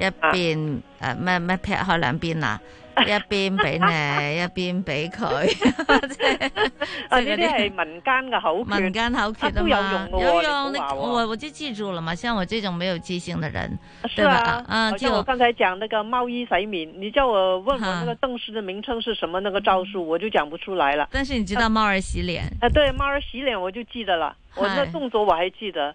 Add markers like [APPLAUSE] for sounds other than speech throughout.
一邊誒咩咩劈開兩邊啦，一邊俾你，一邊俾佢，即係呢啲係民間嘅口訣，民間口訣都有用、哦、有用，你我我,我就記住了嘛，像我這種沒有記性嘅人、啊，對吧？啊啊、嗯，就剛才講那個貓衣洗面，你叫我問我那個鄧氏嘅名稱是什麼，那個招數我就講不出來了。啊、但是你知道貓兒洗臉？誒、啊，對，貓兒洗臉我就記得啦，我那動作我還記得。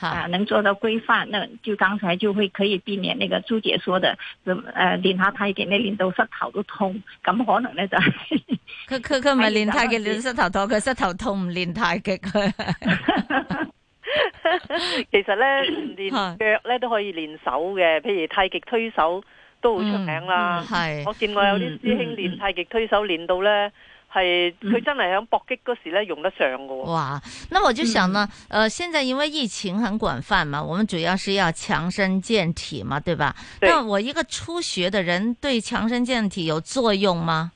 啊，能做到規範，那就剛才就會可以避免那個朱姐說的，咁誒練下太極呢練到膝頭都痛，咁可能咧就係佢佢佢唔係練太極練到膝頭痛，佢膝頭痛唔練太極佢。 [LAUGHS] 其實咧，練腳咧都可以練手嘅，譬如太極推手都好出名啦。係、嗯，我見過有啲師兄練太極推手練、嗯、到咧。係佢真係響搏擊嗰時咧用得上嘅、嗯。哇！那我就想呢、嗯，呃，現在因為疫情很廣泛嘛，我們主要是要強身健體嘛，對吧？對。但我一個初學的人，對強身健體有作用嗎？嗯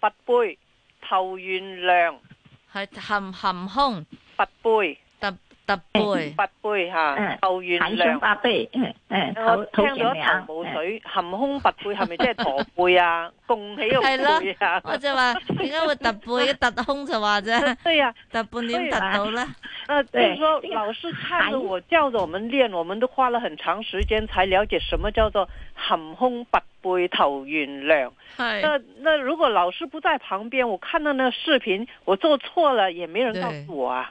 拔背，頭懸梁，係含含胸拔背。突背八背吓、嗯啊嗯嗯嗯，頭圓亮背，我聽咗、嗯、一頭霧水含胸拔背，係咪即係駝背啊？拱喜。我背啊！我就話點解會突背？突胸就話啫。對啊，突半點突到啦。啊，就是說老師教我教咗我們練，我們都花了很長時間才了解什麼叫做含胸拔背、 [LAUGHS] 頭圓亮。係。那那如果老師不在旁邊，我看到那個視頻，我做錯了，也沒人告訴我啊。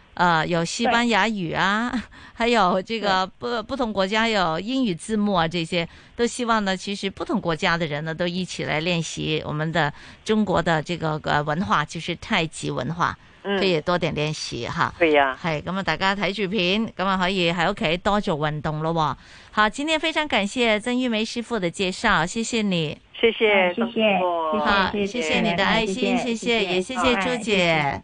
呃，有西班牙語啊，還有這個不不同國家有英語字幕啊，這些都希望呢，其實不同國家的人呢，都一起來練習我們的中國的這個個文化，就是太極文化，嗯、可以多點練習哈。對啊、可以啊，係咁啊，大家睇住片，咁啊可以喺屋企多做運動咯。好，今天非常感謝曾玉梅師傅的介紹，謝謝你，謝謝，謝謝，好，謝謝你的愛心，謝謝，謝謝謝謝也謝謝朱姐。